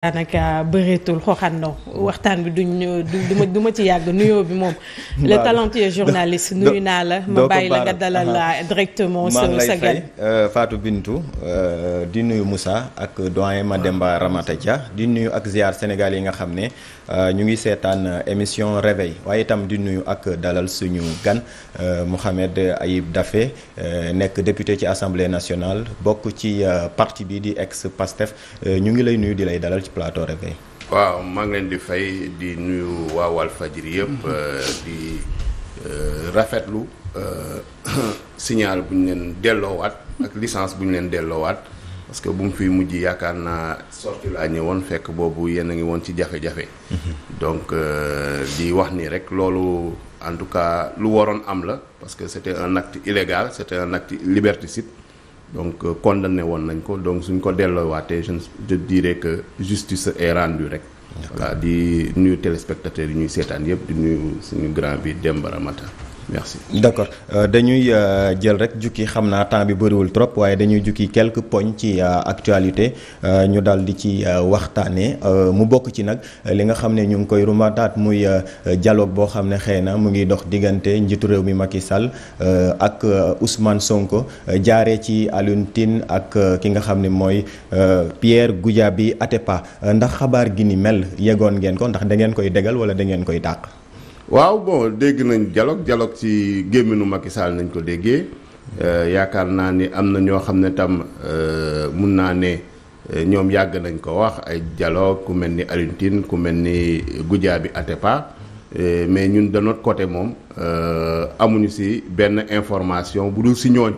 daanaka bëreetul waxtaan bi du ma ci yàgg nuyoo bi moom le talentueux journaliste nuyu naa la ma bàyyi la uh-huh. uh, uh, di nuyu Moussa ak doyen Mademba Ramata di nuyu ak ziar Sénégal yi nga xam ne uh, ñu ngi seetaan émission réveil waaye itam di nuyu ak dalal suñu gan Mouhamed Ayib Daffé nekk député ci assemblée national bokk ci parti bii di ex Pastef ñu ngi lay nuyu di lay dalal plateau réveil waaw maa ngi leen di fay di nuyu waa Walfadjri yëpp mhm. euh, di euh, rafetlu euh, signal bu ñu leen delloowaat ak licence bu ñu leen delloowaat parce que bu mu fi mujj yaakaar naa sorti laa ñëwoon fekk boobu yéen a ngi woon ci jafe-jafe mhm. donc di wax nii rek loolu en tout cas lu waroon am la parce que c'était un acte illégal c'était un acte liberticide donc euh, condamné woon nañ ko donc suñ ko delloo delloowaatee je je dirais que justice est rendue rek. voilà di nuyu téléspectateurs yi ñuy seetaan yëpp di nuyu suñu grand bi Demba mata merci d'accord euh, dañuy euh, jël rek jukki xam naa temps bi bëriwul trop waaye dañuy jukki quelques points ci euh, actualité ñu daal di ci waxtaanee mu bokk ci nag li nga xam ne ñu ngi koy rumataat muy dialogue boo xam ne xëy na mu ngi dox diggante njiitu réew mi mag Macky Sall ak Ousmane Sonko jaaree ci Alioune ak ki nga xam ne mooy Pierre Goudiaby Atepa ndax xabaar gi ni mel yegoon ngeen ko ndax da ngeen koy degal wala da ngeen koy dàq. waaw bon dégg nañ jaloog dialogue ci gémminu Macky Sall nañ ko déggee euh, yaakaar naa ni am na ñoo xam ne tam euh, mun naa ne euh, ñoom yàgg nañ ko wax ay dialogue ku mel ni Alioune Tine ku mel ni Goudiaby Atepa mais ñun de notre côté moom amuñu si benn information bu dul si ñooñ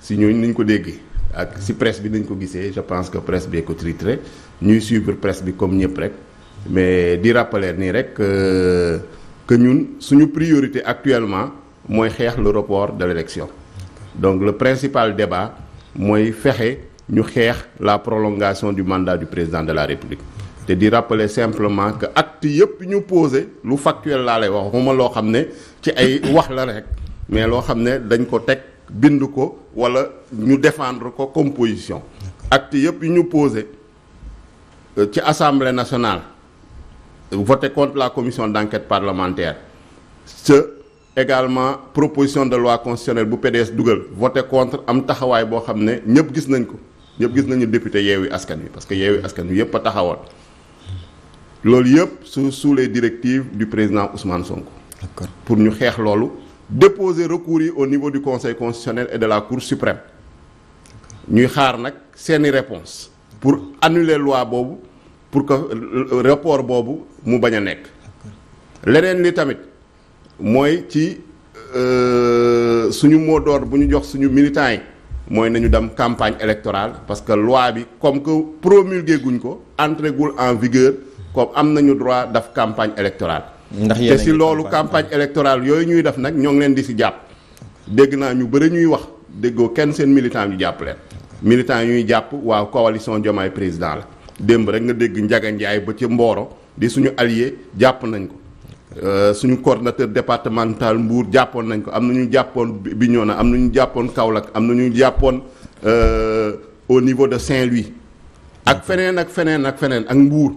si ñooñ niñ ko déggee ak si presse bi nañ ko gisee je pense que presse bi ko titré ñuy suivre presse bi comme ñëpp rek mais di rappeler nii rek. que ñun suñu priorité actuellement mooy xeex le report de l'élection donc le principal débat mooy fexe ñu xeex la prolongation du mandat du président de la République te di rappeler simplement que acte yëpp ñu posé lu factuel laa lay wax waxuma loo xam ne ci ay wax la rek mais loo xam ne dañ ko teg bind ko wala ñu défendre ko composition position acte yëpp ñu posé euh, ci assemblée nationale voté contre la commission d'enquête parlementaire ce également proposition de loi constitutionnelle bu PDS dugal voté contre am taxawaay boo xam ne ñëpp gis nañ ko ñëpp gis nañu député Yewwi Askan bi parce que Yewwi Askan Wi yëpp a taxawoon loolu yëpp sous sous directive du président Ousmane Sonko. d'accord pour ñu xeex loolu déposer recours yi au niveau du conseil constitutionnel et de la cour suprême ñuy xaar nag seeni réponse pour annuler loi boobu pour que rapport boobu mu bañ a nekk. leneen li tamit mooy ci euh, suñu mot d'ordre bu ñu jox suñu militants yi mooy nañu dem campagne électorale parce que loi bi comme que promulgué guñ ko entré gul en vigueur comme am nañu droit daf campagne électorale. ndax te si loolu campagne électorale yooyu ñuy def nag ñoo ngi leen di si jàpp. dégg naa ñu bëri ñuy wax déggoo kenn seen militant ñu jàpp leen. militant ñuy jàpp waaw coalition Diomaye président la. démb rek nga dégg Njaga Njaay ba ci Mboro di suñu allier jàpp nañ ko euh, suñu coordonnateur départemental Mbour jàppoon nañ ko am na ñu jàppoon Bignona am na ñu jàppoon Kaolack am na ñu jàppoon euh, au niveau de Saint-Louis ak feneen ak feneen ak feneen ak Mbour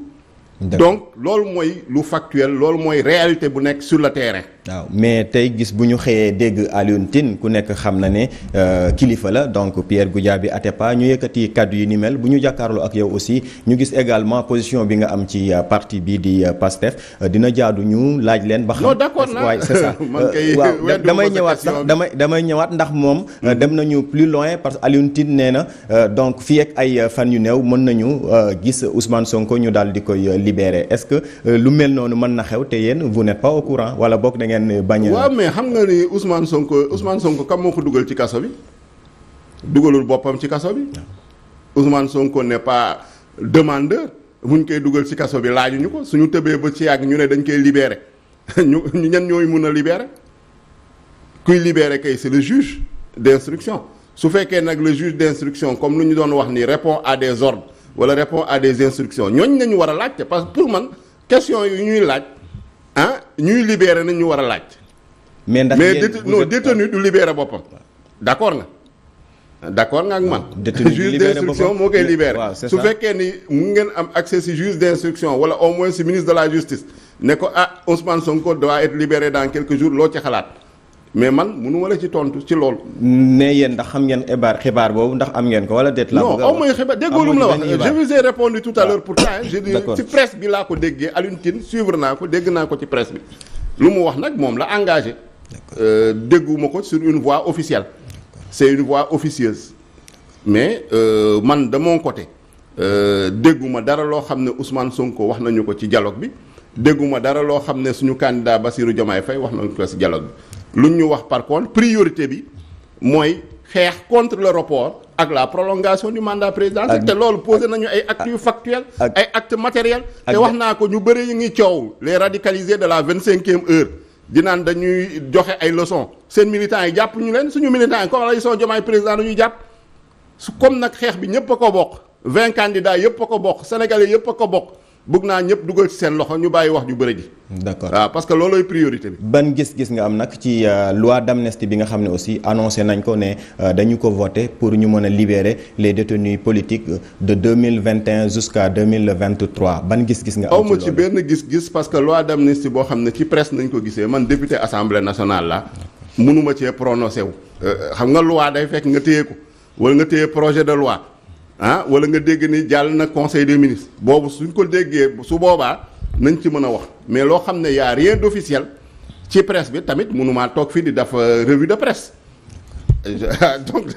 donc loolu mooy lu factuel loolu mooy réalité bu nekk sur le terrain waaw mais tey gis bu ñu xëyee dégg Alioune ku nekk xam na ne euh, kilifa la donc Pierre Goudiaby Atepa ñu yëkkati kàddu yu ni mel bu ñu jàkkaarloo ak yow aussi ñu gis également position bi nga am ci euh, partie bi di euh, PASTEF dina jaadu ñu laaj leen. ba xam waaye c'est damay ñëwaat damay damay ñëwaat ndax moom. Hmm. dem nañu plus loin parce que Alioune Tine nee na donc fii ak ay fan yu new mën nañu gis Ousmane Sonko ñu daal di koy libérer est-ce que lu mel noonu mën na xew te yéen vous pas ngeen bañ waaw mais xam nga ni Ousmane Sonko Ousmane Sonko kam moo ko dugal ci kaso bi dugalul boppam ci kaso bi Ousmane Sonko ne pas demandeur buñ koy dugal ci kaso bi laajuñu ko suñu tëbee ba ci yàgg ñu ne dañ koy libéré ñu ñan ñooy mun a libéré kuy libéré kay c'est le juge d'instruction su fekkee nag le juge d'instruction comme lu ñu doon wax ni répond à des ordres wala répond à des instructions ñooñ nañu war a laajte parce que pour man question yu ñuy laaj ah ñuy libéré nañ ñu war a laaj. mais ndax mais non détenu du libéré boppam d' accord nga. d' accord nga ak man. juge d' instruction moo koy libéré. su fekkee ni mu ngeen am accès si juge d' instruction wala au moins si ministre de la justice ne ko ah Ousmane Sonko doit être dans quelques jours loo ci xalaat. mais man munuma la ci tontu ci loolu. mais yéen ndax xam ngeen xibaar xibaar boobu ndax am ngeen ko wala déet. la non aw mooy xibaar déggoo lu mu la wax je vous ai répondu tout à laa ko déggee Alioune Tine suivre naa ko dégg naa ko ci presse lu mu wax nag moom la engagé. Euh, dégguma ko sur une voie officielle. c'est une voie officieuse. mais euh, man de côté euh, dégguma dara loo xam ne Ousmane Sonko wax nañu ko ci dialogue bi dégguma dara loo xam ne suñu candidat Bassirou Diomaye Faye wax nañu ko ci dialogue bi. lu ñu wax par contre priorité bi mooy xeex contre le report ak la prolongation du mandat président te lool posé nañu ay actes yu factuels ay actes matériels te wax naa ko ñu bëri yi ngi coow les radicalisés de la vingt cinquième heure di naan dañuy joxe ay leçons seen militants yi jàpp ñu leen suñu militants yi comme la son jomaay président dañuy jàpp su comme nag xeex bi ñëpp a ko bokk vingt candidats yëpp a ko bokk sénégalais yëpp a ko bokk bëgg naa ñëpp dugal ci seen loxo ñu bàyyi wax ju bëri ji. d'accord waaw parce que loolooy priorité bi. ban gis-gis nga am nag ci euh, loi d'amnistie bi nga xam ne aussi annoncé nañ ko ne euh, dañu ko voté pour ñu mën a libérer les détenus politiques de deux mille vingt et un jusqu'à deux mille vingt trois ban gis-gis nga. am ci benn gis-gis parce que loi d'amnistie boo xam ne ci presse nañ ko gisee man député assemblée nationale la mënuma cee prononcé wu. Euh, xam nga loi day fek nga téye ko wala nga téye projet de loi. ah wala nga dégg ni jàll na conseil des ministres boobu suñ ko déggee su boobaa nañ ci mën a wax mais loo xam ne yaa a rien d'officiel ci presse bi tamit mënumaa toog fii di def euh, revue de presse donc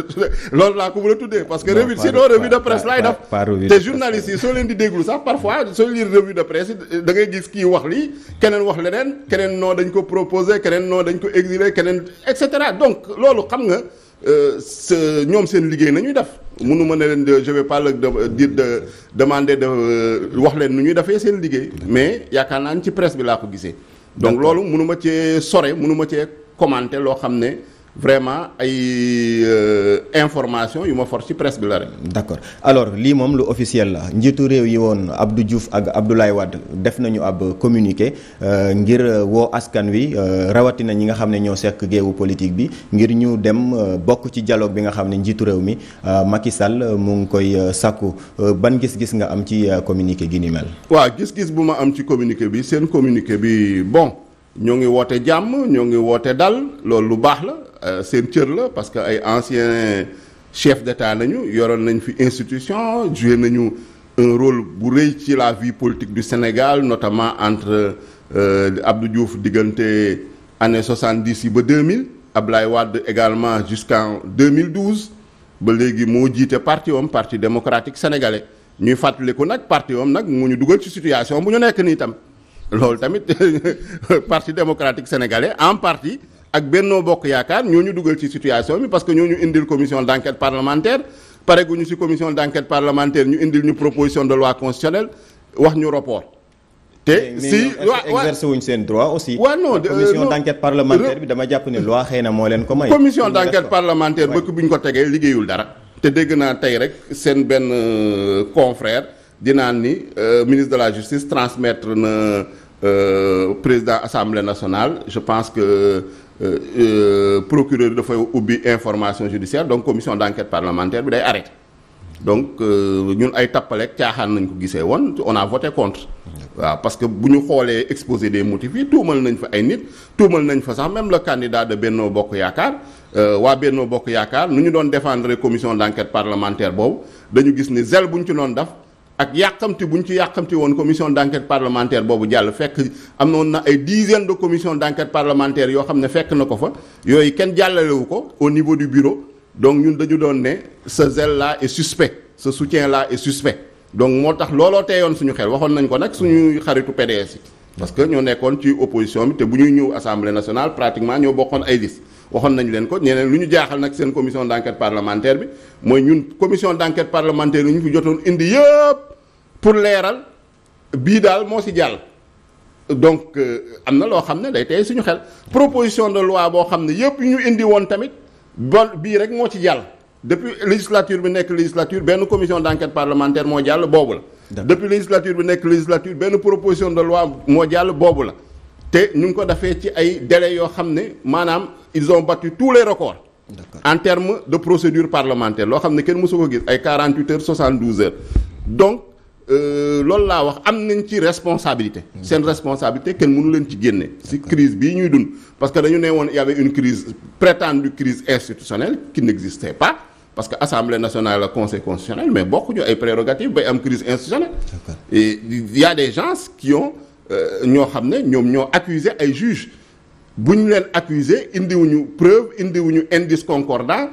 loolu laa ko mën a tuddee parce que revue sinon revue de presse laay def te journalistes yi soo leen di déglu sax parfois soo lire revue de presse da ngay gis kii wax lii keneen wax leneen keneen noo dañ ko proposé keneen noo dañ ko exilé keneen et cetera donc loolu xam nga euh, ñoom seen liggéey nañuy def mënu ma ne leen de pale vais di le dire de demander de euh, wax leen nu ñuy defee seen liggéey. mais yaakaar naa ni ci presse bi laa ko gisee. donc loolu mënu cee sore munuma cee commenter loo xam ne. vraiment ay euh, information yu ma for ci presse bi la rek. d'accord alors lii moom lu officiel la njiitu réew yi woon Abdou Diouf ak abdulaay Wade def nañu ab communiqué euh, ngir euh, woo askan wi rawatina ñi nga xam ne ñoo sekk géewu politique bi ngir ñu dem bokk ci dialogue bi nga xam ne njiitu réew mi Macky Sall mu ngi koy sàkku ban gis-gis nga am ci communiqué gi ni mel. waaw gis-gis bu ma am ci communiqué bi seen communiqué bi bon. ñoo ngi woote jàmm ñoo ngi woote dal loolu lu baax la euh, seen cër la parce que ay anciens chefs d'état nañu yoroon nañu fi institution joué nañu un rôle bu rëy ci la vie politique du Sénégal notamment entre euh, abdu Diouf diggante anne soixante-dix yi ba deux mille Ablaye Wade également jusqu'en 2012 ba léegi moo jiite parti om parti démocratique sénégalais ñuy fàttaliku nag parti nag mu ñu dugal ci situation bu ñu nekk nii tam. loolu tamit parti démocratique sénégalais en parti ak Benno Bokk Yaakaar ñoo ñu dugal ci situation bi parce que ñoo ñu indil commission d'enquête parlementaire pare gu ñu ci commission d'enquête parlementaire ñu indil ñu proposition de loi constitutionnelle wax ñu rapport. te si waaw exercé seen droit aussi. waaw non commission d'enquête parlementaire dama jàpp ne loi xëy na moo leen ko may. commission d'enquête parlementaire bëgg bu ñu ko tegee liggéeyul dara. te dégg naa tey rek seen benn euh, confrère. dinaan ni euh, ministre de la justice transmettre na euh, président assemblée nationale je pense que euh, procureur dafay ubbi information judiciaire donc commission d'enquête parlementaire bi day arrêté donc ñun ay tappaleeg caaxaan nañ ko gisee woon on a voté contre waaw parce que bu ñu xoolee exposé des motifs yi tuumal nañ fa ay nit tuumal nañ fa sax même le candidat de Benno Bokk Yaakaar waa Benno Bokk Yaakaar nu ñu doon défendre commission d'enquête parlementaire boobu dañu gis ni zèle bu ñu ci doon ak yàqamti bu ñu ci yàqamti woon commission d' enquête parlementaire boobu jàll fekk am noon na ay dizaine de commission d' enquête parlementaire yoo xam ne fekk na ko fa yooyu kenn jàllalewu ko au niveau du bureau donc ñun dañu doon ne ce zèle là est suspect ce soutien là est suspect donc moo tax looloo teyoon suñu xel waxoon nañ ko nag suñu xaritu PDS yi parce que ñoo nekkoon ci opposition bi te bu ñuy ñëw assemblée nationale pratiquement ñoo bokkoon ay liste waxoon nañ leen ko nee lu ñu jaaxal nag seen commission d'enquête parlementaire bi mooy ñun commission d'enquête parlementaire yi ñu fi jotoon indi yëpp pour leeral bii daal moo si jàll. donc euh, am na loo xam ne day tey ñu xel proposition de loi boo xam ne yëpp ñu indi woon tamit bon bii rek moo ci jàll depuis législature bi nekk législature benn commission d'enquête parlementaire moo jàll boobu la. depuis législature bi nekk législature benn proposition de loi jàll boobu te ñu ngi ko defee ci ay délais yoo xam ne maanaam ils ont battu tous les records en termes de procédure parlementaire loo xam ne kenn mësu ko gis ay 48 heures 72 heures donc euh, loolu laa wax am nañ ci responsabilité hmm. seen responsabilité kenn mënu leen ci génne si crise bii ñuy dund parce que dañu ne woon il y avait une crise prétendue crise institutionnelle qui n'existait pas parce que assemblée nationale ak conseil constitutionnel mais bokkuñu ay prérogatives bay am crise institutionnelle et il y des gens qui Euh, ñoo xam ne ñoom ñoo accuser ay juge bu ñu leen accuser indiwuñu preuve indiwuñu indice concordant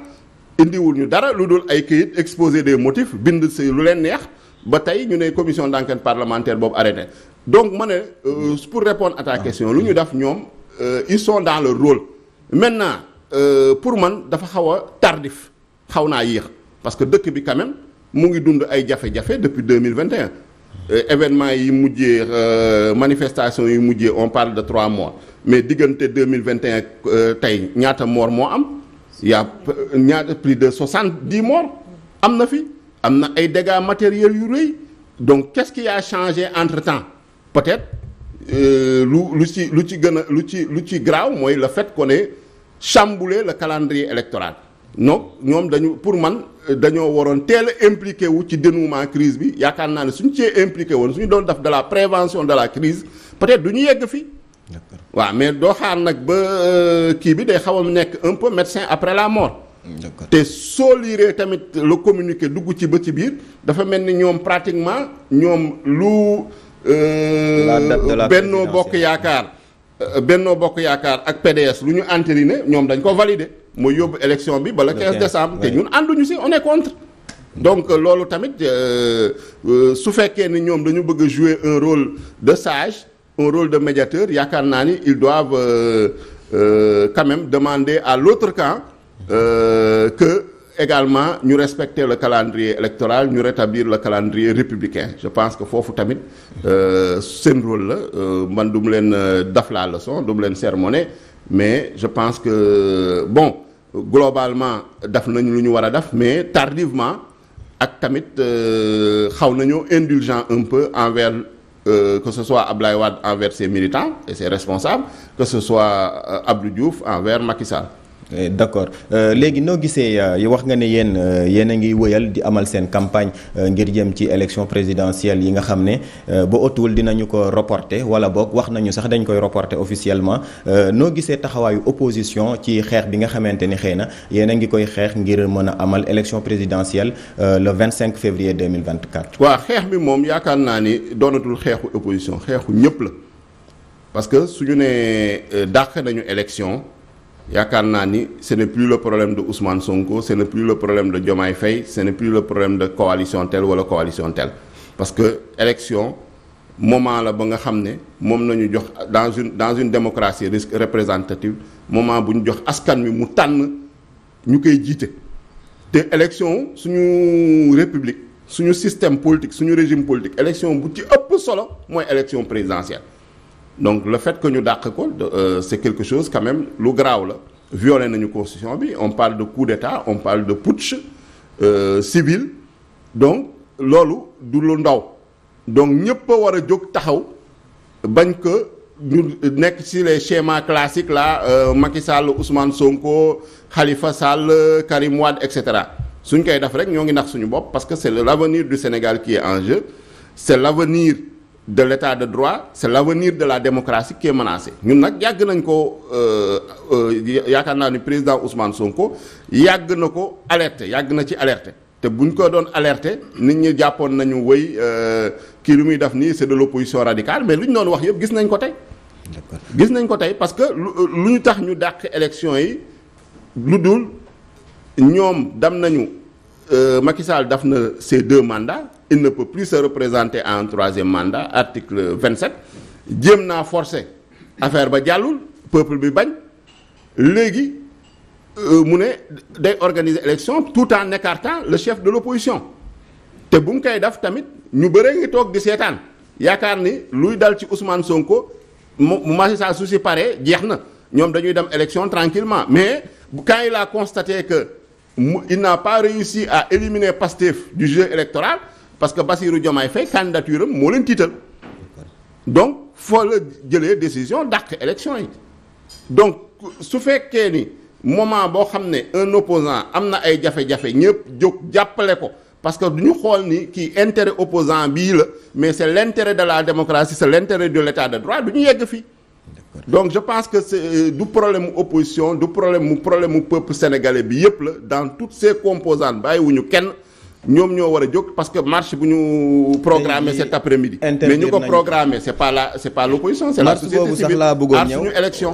indiwul ñu dara lu dul ay këyit exposer des motifs bind si lu leen neex ba tey ñu ne commission d'enquête parlementaire boobu arrêté donc ma ne euh, pour répondre à ah. question lu ñu def ñoom euh, ils sont dans leur rôle maintenant pour man dafa xaw a tardif xaw naa yéex parce que dëkk bi quand mu ngi dund ay jafe-jafe depuis 2021 Euh, événement yi mujjee euh, manifestation yi mujjee on parle de trois mois mais diggante deux mille vingt et euh, tey ñaata morts moo am y a ñaata plus de soixante-dix morts am na fi am na ay dégâts matériels yu rëy donc qu'est-ce qui changé entre-temps peut-être lu lu ci lu ci gën a lu ci lu ci graaw mooy le fait qu'on ait chamboulé le calendrier électoral donc ñoom dañu pour man dañoo waroon teel a impliqué wu ci dénouement crise bi yaakaar naa ne suñ cee impliqué woon suñu doon def de la prévention de la crise peut-être du ñu yegg fii. waaw mais doo xaar nag ba euh, kii bi day xaw a nekk un peu médecin après la mort. te soo liiree tamit lu communiqué dugg ci ba ci biir dafa mel ni ñoom pratiquement ñoom lu. Euh, Benno Bokk Yaakaar. Euh, Benno Bokk Yaakaar ak PDS lu ñu entériné ñoom dañ ko validé. moo yóbbu élection bi bala 15 décembre te ñun ànduñu si on est contre donc euh, loolu tamit euh, euh, su fekkee ni ñoom dañu bëgg a jouer un rôle de sage un rôle de médiateur yaakaar naa ni ils doivent euh, euh, à l'autre camp euh, que également ñu respecter le calendrier électoral ñu rétablir le calendrier républicain je pense que foofu tamit seen rôle la man du mu leen daf la leçon du mu leen sermonner mais je pense que bon globalement daf nañ lu ñu war a def mais tardivement ak tamit euh, xaw nañoo indulgent un peu envers euh, que ce soit Ablaye Wade envers ses militants et ses responsables que ce soit euh, Abdou Diouf envers Macky Eh, d' accord euh, léegi noo gisee euh, wax nga ne yéen euh, yéen a ngi wëyal di amal seen campagne ngir jëm ci élection présidentielle yi nga xam ne ba ëttuwul dinañu ko reporter wala boog wax nañu sax dañ koy reporter officiellement noo gisee taxawaayu opposition ci xeex bi nga xamante ni xëy na yéen a ngi koy xeex ngir mën a amal élection présidentielle le 25 février 2024. waaw xeex bi moom yaakaar naa ni doonatul xeexu opposition xeexu ñëpp la parce que suñu nee dàq nañu élection. yaakaar naa ni ce n'est plus le problème de Ousmane Sonko ce n'est plus le problème de Diomaye Faye ce n'est plus le problème de coalition telle wala coalition telle parce que élection moment la ba nga xam ne moom nañu jox dans une dans une démocratie risque représentative moment bu ñu jox askan wi mu tànn ñu koy jiite te élection suñu république suñu système politique suñu régime politique élection bu ci ëpp solo mooy élection présidentielle donc le fait que ñu dàq ko euh, c'est quelque chose quand même lu garaaw la violé nañu constitution bi on parle de coup d'état on parle de putsch euh, civil donc loolu du lu ndaw donc ñëpp a war a jóg taxaw bañ ko ñu nekk ci les schémas classiques là euh, Macky Sall Ousmane Sonko Khalifa Sall Karim Wade et cetera suñ koy def rek ñoo ngi nax suñu bopp parce que c'est l'avenir du Sénégal qui est en jeu c'est l'avenir de l'état de droit c'est l'avenir de la démocratie qui est ñu nag yàgg nañ ko euh, euh, yaakaar naa ni président Ousmane Sonko yàgg na ko alerte yàgg na ci alerte te buñ ko doon alerte nit ñi jàppoon nañu wëy euh, kii lu muy def nii c'est de l'opposition radicale mais lu ñu doon wax yëpp gis nañ ko tey gis nañ ko tey parce que lu ñu tax ñu dàq élection yi lu dul ñoom dem nañu euh, Macky Sall daf na ses deux mandats il ne peut plus en représenter à un troisième mandat article 27 jéem naa forcé affaire ba jàllul peuple bi bañ léegi euh, mu ne day organiser élection tout en écartant le chef de l'opposition te bu mu koy def tamit ñu bëree ngi toog di seetaan yaakaar ni luy dal ci Ousmane Sonko ma Macky Sall su si paree jeex na ñoom dañuy dem élection tranquillement mais quand il a constaté que mu il n'a pas réussi à éliminer Pastef du jeu électoral parce que Bassirou Diomaye Faye candidature am moo leen tiital donc foo la jëlee décision dàq élection yi donc su fekkee ni moment boo xam ne un opposant am na ay jafe-jafe ñëpp jóg jàppale ko parce que du ñu xool ni kii intérêt opposant bii la mais c'est l'intérêt de la démocratie c'est l'intérêt de l'état de droit du ñu yegg fii donc je pense que c'est euh, du problème mu opposition du problème mu problème mu peuple sénégalais bi yëpp la dans toutes bàyyi wu ñu kenn. ñoom ñoo war a jóg parce que marche bu ñu programmé cet après-midi mais ñu ko programmé c'est pas la c'est pas l'opposition c'est la société civile sax laa bëggoon ñëw suñu élection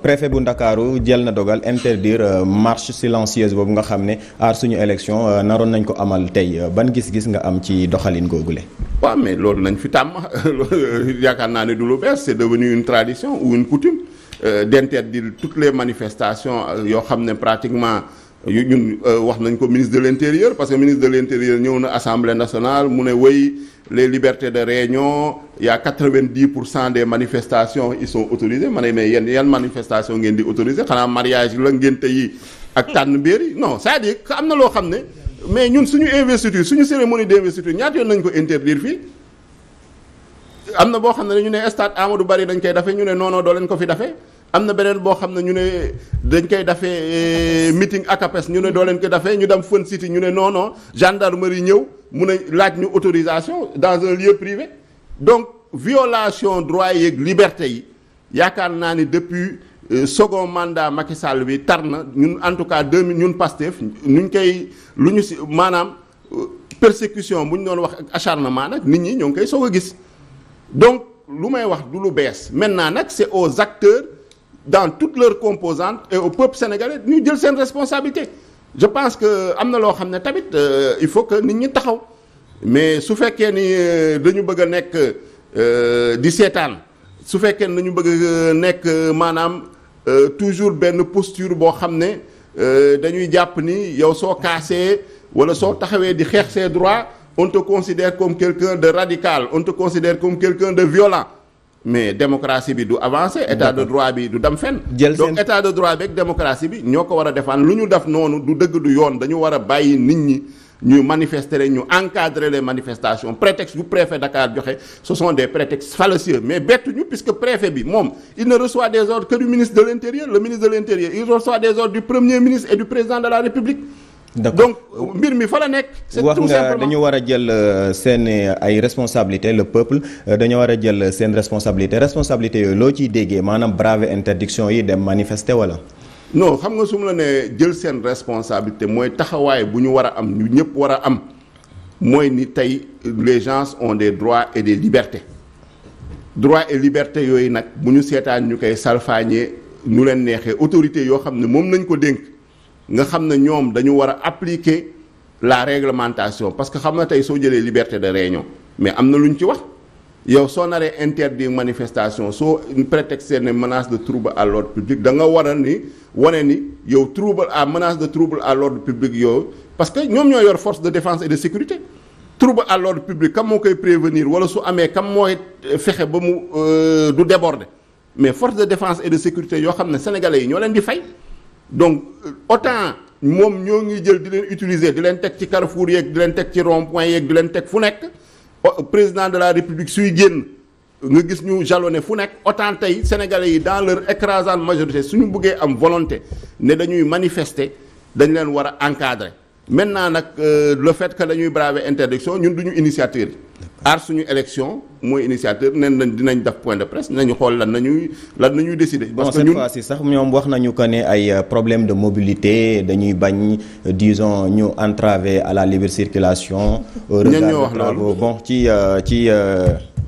euh, bu Ndakaaru jël na dogal interdire euh, marche silencieuse boobu nga xam ne aar suñu élection euh, naroon nañ ko amal tey ban gis-gis nga am ci doxalin googule waaw mais loolu nañ fi tàmm yaakaar naa ne du lu bees c'est devenu une tradition ou une coutume d'interdire toutes les manifestations yoo xam ne pratiquement ñun euh, wax nañ ko ministre de l'intérieur parce que ministre de l'intérieur ñëw na assemblée nationale mu ne wey les libertés de réunion il y a quatre-vingt-dix pour cent des manifestations ils sont autorisés ma ne mais yéen yan manifestation ngeen di autorisé xanaa mariage la ngénte yi ak tànn biir yi non c'est-à-dire am na loo xam ne mais ñun suñu investiture suñu cérémonie d'investiture ñaata yoon nañ ko interdire fii am na boo xam ne ñu ne stade Amadou Barry dañ koy dafe ñu ne non non leen ko fi dafe am na beneen boo xam ne ñu ne dañ koy dafee eh, meeting ak APES ñu ne doo leen ko dafee ñu dem Fun City ñu ne non non gendarmerie ñëw mu ne laaj ñu autorisation dans un lieu privé donc violation droit yeeg liberté yi yaakaar naa ni depuis eh, second mandat Macky Sall bi tar na ñun en tout cas deux ñun Pastef nuñ koy lu ñu si maanaam eh, persécution bu ñu doon wax ak acharnement nag nit ñi ñoo ngi koy soog gis donc lu may wax du lu bees maintenant nag c'est aux acteurs. dans toutes leurs composante et au peuple sénégalais ñu jël seen responsabilité je pense que am na loo xam ne tamit euh, il faut que nit ñi taxaw mais su fekkee ni euh, dañu bëgg a nekk euh, di seetaan su fekkee ni dañu bëgg a nekk maanaam toujours benn posture boo xam ne dañuy jàpp ni yow soo kaasee wala soo taxawee di xeex ses droits on te considère comme quelqu'un de radical on te considère comme quelqu'un de violent mais démocratie bi du avancer état de droit bi du dem fenn donc état de droit bi ak démocratie bi ñoo ko war a défendre lu ñu def noonu du dëgg du yoon dañu war a bàyyi nit ñi ñu manifester ñu encadrer les manifestations prétexte bu préfet Dakar joxe ce sont des prétextes fallacieux mais bettu ñu puisque préfet bi moom il ne reçoit des ordres que du ministre de l'intérieur le ministre de l'intérieur il reçoit des ordres donc mbir mi fa la nekk. wax nga dañu war a jël euh, seen euh, ay responsabilité le peuple euh, dañu war a jël seen responsabilité responsabilité yooyu loo ciy déggee maanaam brave interdiction yi dem manifester wala. non xam nga su ma la nee jël seen responsabilité mooy taxawaay bu ñu war a am ñu ñëpp war a am mooy ni tey les gens ont des droits et des libertés droits et libertés yooyu nag bu ñu seetaan ñu koy salfaañee ñu leen neexee autorité yoo xam ne moom nañ ko dénk. nga xam ne ñoom dañu war a appliquer la réglementation parce que xam na tey soo jëlee liberté de réunion mais am na lu ñu ci wax yow soo naree interdire manifestation soo prétexté ne menace de trouble à l'ordre public da nga war a ni wane ni yow trouble à menace de trouble à l'ordre public yow parce que ñoom ñoo yor force de défense et de sécurité trouble à l'ordre public kam moo koy prévenir wala su amee kam mooy fexe ba mu euh, du déborde mais force de défense sécurité yoo xam ne sénégalais yi ñoo leen di fay donc autant moom ñoo ngi jël di leen utiliser di leen teg ci carrefour yeeg di leen teg ci rond point yeeg di leen teg fu nekk président de la république suy génn nga gis ñu jalonné fu nekk autant tey sénégalais yi dans leur écrasante majorité suñu bëggee am volonté ne dañuy manifester dañ leen war a encadrer maintenant nag euh, le fait que dañuy braver interdiction ñun duñu initiateur yi aar suñu élection mooy initiateur nen nañ dinañ def point de presse nañu xool lan nañuy lan nañuy décider. parce que sax ñoom wax nañu que ne ay euh, problème de mobilité dañuy bañ euh, disons ñu entraver à la libre circulation. Euh, ñan ñoo wax loolu bon ci ci.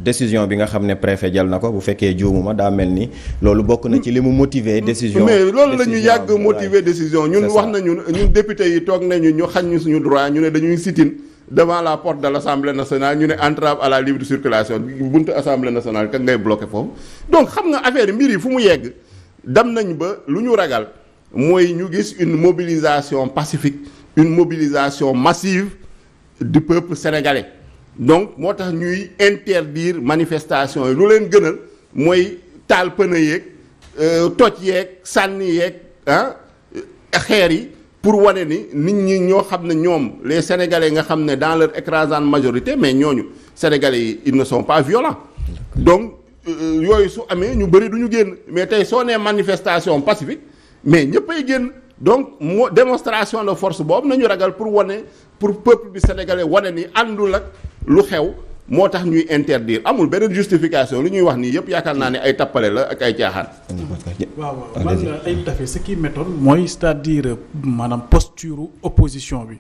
décision bi nga xam ne préfet jël na ko bu fekkee juumuma daa mel ni loolu bokk na ci li mu motiver décision mais loolu ñu yàgg motiver décision ñun wax nañu ñun député yi toog nañu ñu xañ ñu suñu droit ñu ne dañuy sitin devant la porte de l'Assemblée nationale ñu ne entrave a la libre circulation buntu Assemblée nationale kan ngay bloqué foofu donc xam nga affaire mbir yi fu mu yegg dem nañ ba lu ñu ragal mooy ñu gis une mobilisation pacifique une mobilisation massive du peuple sénégalais donc moo tax ñuy interdire manifestation yi lu leen gënal mooy taal pëne yeeg euh, toj yeeg sànni yeeg ah xeer yi pour wane ni nit ñi ñoo xam ne ñoom les sénégalais nga xam ne dans leur écrasante majorité mais ñooñu sénégalais yi ils ne sont pas violents donc euh, euh, yooyu su amee ñu bëri du ñu génn mais tey soo nee manifestation pacifique mais ñëppay génn donc moo démonstration de force boobu nañu ragal pour wane pour peuple bi sénégalais wane ni àndul ak lu xew moo tax ñuy interdire amul beneen justification lu ñuy wax nii yëpp yaakaar naa ne ay tappale la ak ay caaxaan. waaw waaw man euh, ay tafe ce qui mooy cest à euh, maanaam posture opposition bi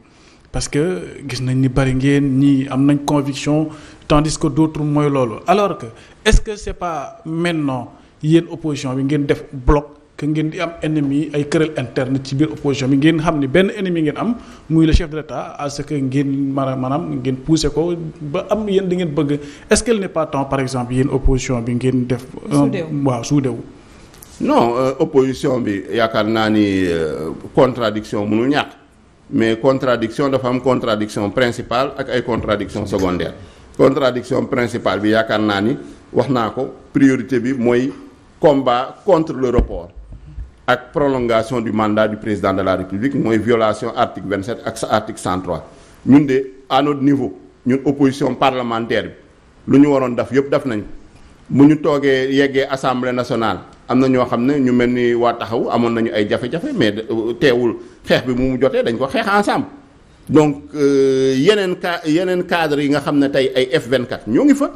parce que gis nañ ni bari ngeen ñii am nañ conviction tandis que d'autres mooy loolu alors que est-ce que c'est pas maintenant yéen opposition bi ngeen def bloc. que ngeen di am ennemi ay querelle interne ci biir opposition bi ngeen xam ni benn ennemi ngeen am muy le chef de l'État à ce que ngeen mara maanaam ngeen poussé ko ba am yéen di ngeen bëgg est-ce qu'il n'est pas temps par exemple yéen opposition bi ngeen def. waaw suudewu non euh, opposition bi yaakaar naa ni euh, contradiction mënul ñàkk mais contradiction dafa am contradiction principal ak ay contradiction secondaire contradiction principale bi yaakaar naa ni wax naa ko priorité bi mooy combat contre le report ak prolongation du mandat du président de la république mooy violation article 27 ak sa article santroit ñun de à notre niveau ñun opposition parlementaire bi lu ñu waroon def yëpp def nañ bu ñu toogee yeggee assemblée nationale am na ñoo xam ne ñu mel ni waa taxaw amoon nañu ay jafe-jafe mais euh, teewul xeex bi mu mu jotee dañ ko xeex ensemble donc euh, yeneen ca yeneen cadre yi nga xam ne tey ay F24 ñoo ngi fa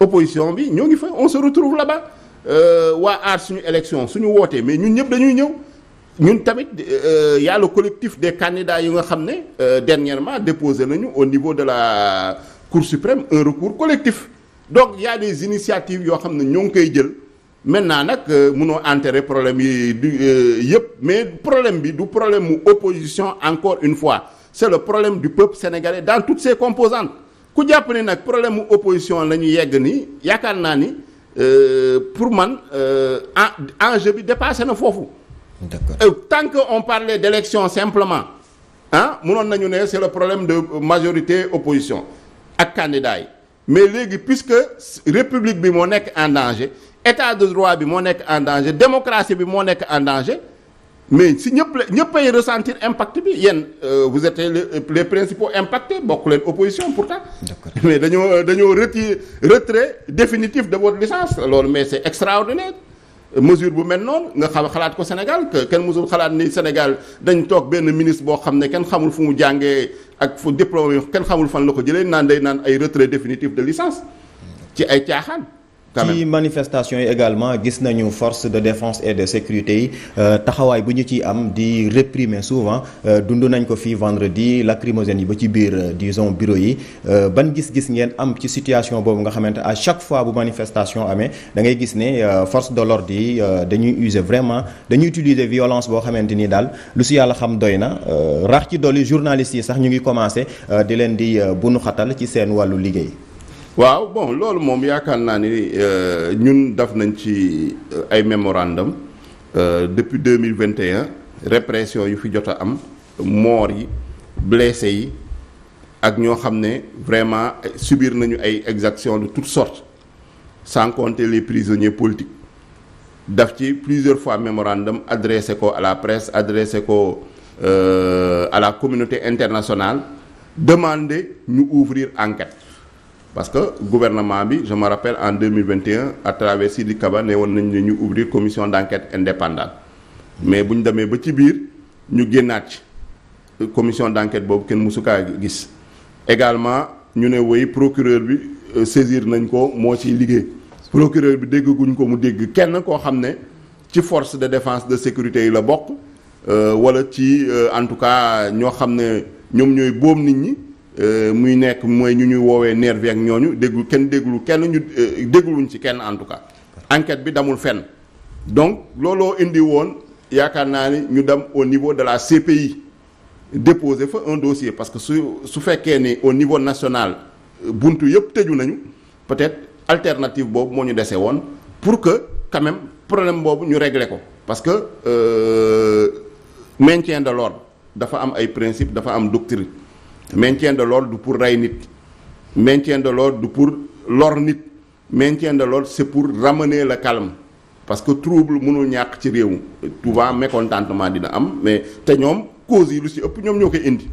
opposition bi ñoo ngi fa on se retrouve Euh, waa aar suñu élection suñu wootee mais ñun ñëpp dañuy ñëw ñun tamit euh, y a le collectif des candidats yu nga xam ne euh, dernièrement déposé nañu au niveau de la Cour suprême un recours collectif donc y des initiatives yoo xam ne ñoo ngi koy jël maintenant nag mënoo enterrer problème yi du yëpp mais problème bi du problème mu opposition encore une fois c'est le problème du peuple sénégalais dans toutes ses composantes ku jàpp ne nag problème mu opposition la ñu yegg ni yaakaar naa ni Euh, pour man euh, enjeu bi dépassé na foofu. d'accord euh, que on parlait d'élection simplement ah mënoon nañu ne c'est le problème de majorité opposition ak candidat mais léegi puisque république bi moo nekk en danger état de droit bi moo nekk en danger démocratie bi moo nekk en danger. mais si ñëpp la ñëpp ay ressentir impact bi yéen euh, vous êtes les, les principaux impactés bokk leen opposition pour d'accord mais dañoo dañoo reti retrait définitif de votre licence loolu mais c'est extraordinaire. mesure bu mel noonu nga xam xalaat ko Sénégal kenn mësul xalaat ni Sénégal dañ toog benn ministre boo xam ne kenn xamul fu mu jàngee ak fu diplôme kenn xamul fan la ko jëlee naan day naan ay retrait définitif de licence ci ay caaxaan. ci manifestation yi également gis nañu force de défense et de sécurité yi euh, taxawaay bu ñu ciy am di réprimer souvent euh, dund nañ ko fii vendredi lacrymogène yi ba ci biir euh, disons bureau yi ban gis-gis ngeen am ci situation boobu nga xamante à chaque fois bu manifestation amee dangay gis ne force de l'ordre yi dañuy user vraiment dañuy utiliser violence boo xamante ni daal lu si yàlla xam doy na rax ci dolli journalistes yi sax ñu ngi commencé di leen di bunu ci seen wàllu liggéey waaw bon loolu moom yaakaar naa ni euh, ñun daf nañ ci euh, ay mémorandum euh, depuis deux mille vingt et répression yu fi jot a am morts yi blessés yi ak ñoo xam ne vraiment subir nañu ay exactions de toutes sortes sans compter les prisonniers politiques daf ci plusieurs fois mémorandum adressé ko à la presse adressé ko euh, à la communauté internationale demander ñu ouvrir enquête parce que gouvernement bi je me rappelle en 2021 à travers di Kaba ne woon nañ ne ñu ouvrir commission d'enquête indépendante mais bu ñu demee ba ci biir ñu génnaat ci euh, commission d'enquête boobu kenn mësu kaa gis également ñu ne woy procureur bi euh, saisir nañ ko moo ciy liggéey procureur bi déggaguñ ko mu dégg kenn koo xam ne ci force de défense de sécurité yi la bokk euh, wala ci en tout cas ñoo xam ne ñoom ñooy boom nit ñi Euh, muy nekk mooy ñu ñuy woowee nervi ak ñooñu déglu kenn déglu kenn ñu euh, dégluñ ci kenn en tout cas enquête bi damul fenn donc looloo indi woon yaakaar naa ni ñu dem au niveau de la CPI déposer fa un dossier parce que su su fekkee ni au niveau national euh, buntu yëpp tëju nañu peut-être alternative boobu moo ñu dese woon pour que quand problème boobu ñu régler ko parce que euh, maintien de l'ordre dafa am ay principe dafa am doctrine maintien de l'ordre du pour rey nit maintien de du pour lor nit maintien de l'ordre c'est pour ramener la calme parce que trouble mënul ñàkk ci réew souvent mécontentement dina am mais te ñoom causes yi lu si ëpp ñoom ñoo koy indi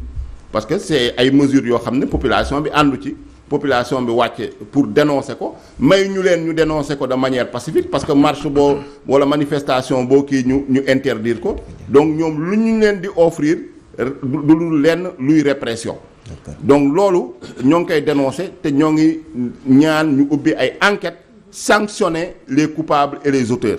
parce que c'est ay mesures yoo xam ne population bi àndu ci population bi wàcce pour dénoncer ko may ñu leen ñu dénoncer ko de manière pacifique parce que marche boo wala manifestation boo kii ñu ñu interdire ko donc ñoom lu ñu leen di offrir du lu lenn luy répression donc loolu ñoo ngi koy dénoncé te ñoo ngi ñaan ñu ubbi ay enquêtes sanctionner les coupables et les auteurs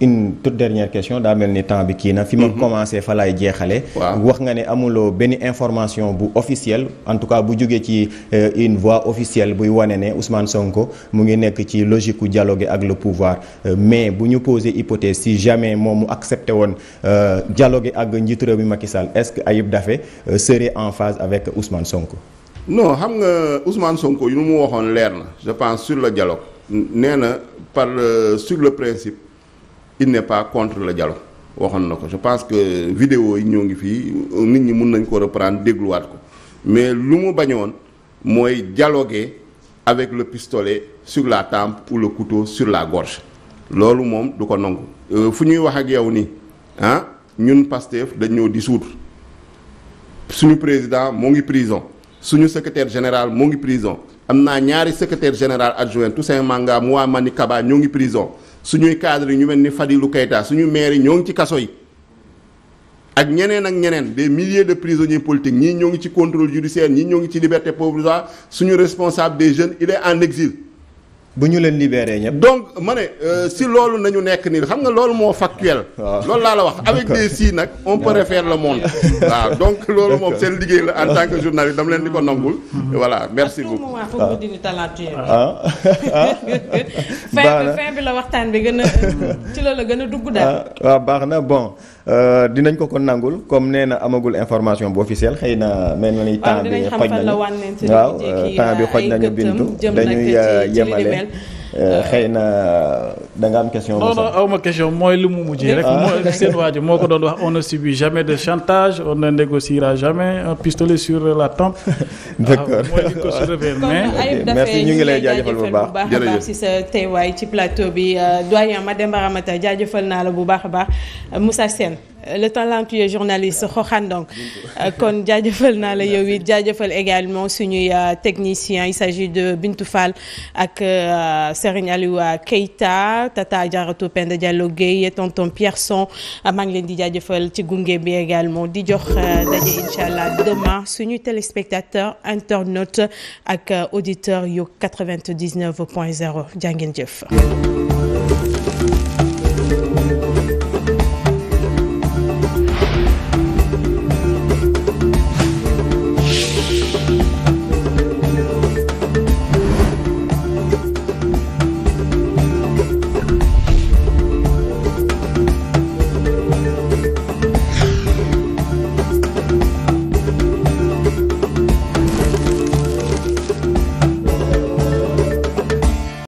une toute dernière question daa mel ni temps bi kii na fi ma mhm. commencé fa laay jeexale wax nga ne amuloo benn information bu officielle en tout cas bu jógee ci euh, une voix officielle buy wane ne Ousmane Sonko mu ngi nekk ci logique ku gi ak le pouvoir euh, mais bu ñu poser hypothèse si jamais moom mu accepté woon euh, gi ak njiitu réew mi Macky Sall est-ce que Ayib Daffé serait en phase avec Ousmane Sonko non xam nga Ousmane Sonko yu mu waxoon leer na je pense sur le dialogue nee na par sur le principe il n'est pas contre le jalo waxoon na ko je pense que video yi ñoo ngi fii nit ñi mun nañ ko reprendre dégluwaat ko mais lu mu bañoon mooy dialoguer avec le pistolet sur la tempe ou le couteau sur la gorge loolu moom du ko nangu euh, fu ñuy wax ak yow ni ah ñun Pastef dañoo dissoudre suñu président moo ngi prison suñu secretaire général moo ngi prison am naa ñaari secrétaire général adjoint Toussaint Manga Mouhamani Kaba ñoo ngi prison suñuy cadre ñu mel ni Fadilou Keita suñu maire yi ñoo ngi ci kaso yi ak ñeneen ak ñeneen des milliers de prisonniers politiques ñii ñoo ngi ci contrôle judiciaire ñii ñoo ngi ci liberté provisoire suñu responsable des jeunes il en exil bu ñu leen libeeree ñëpp. donc ma ne euh, si loolu nañu nekk nii xam nga loolu moo factuel. loolu laa la wax avec des si nag on peut refaire le monde. waaw donc loolu moom seen liggéey la en tant que journaliste dama leen di ko nangul. Mm-hmm. voilà merci beaucoup à tout ah. ah. ah. bi fin bi la waxtaan bi gën a ci la la gën a dugg daal. waaw baax na bon. Euh, dinañ ko ko nangul comme nee na amagul information bu officielle xëy na mel na ni ah, temps bi xoj nañu waaw euh, temps bi xoj nañu bindu dañuy euh, yemale Euh, xëy na da nga am question. non non aw ma question mooy lu mu mujjee rek. Ah. mooy seen waa moo ko doon wax on ne subit jamais de chantage on ne négociera jamais un pistolet sur la tempe. Ah, d'accord mooy li ko soulevé ñu ngi lay jaajëfal bu baax jërëjëf si sa teewaay ci plateau bi euh, doyen Mademba Ramata jaajëfal naa la bu baax a baax euh, Moussa Sène. le talentueux journaliste Xoxan donc euh, kon jaajëfal naa la yow it jaajëfal également suñuy euh, technicien il s'agit de bintu Fall ak euh, Serigne Aliou Keita Tata Diaratou Penda Diallo Guèye tonton Pierson maa ngi leen di jaajëfal ci gunge bi également di jox daje incha allah demain suñu téléspectateur internaute ak auditeur yu 99 point 0 jàngeen jëf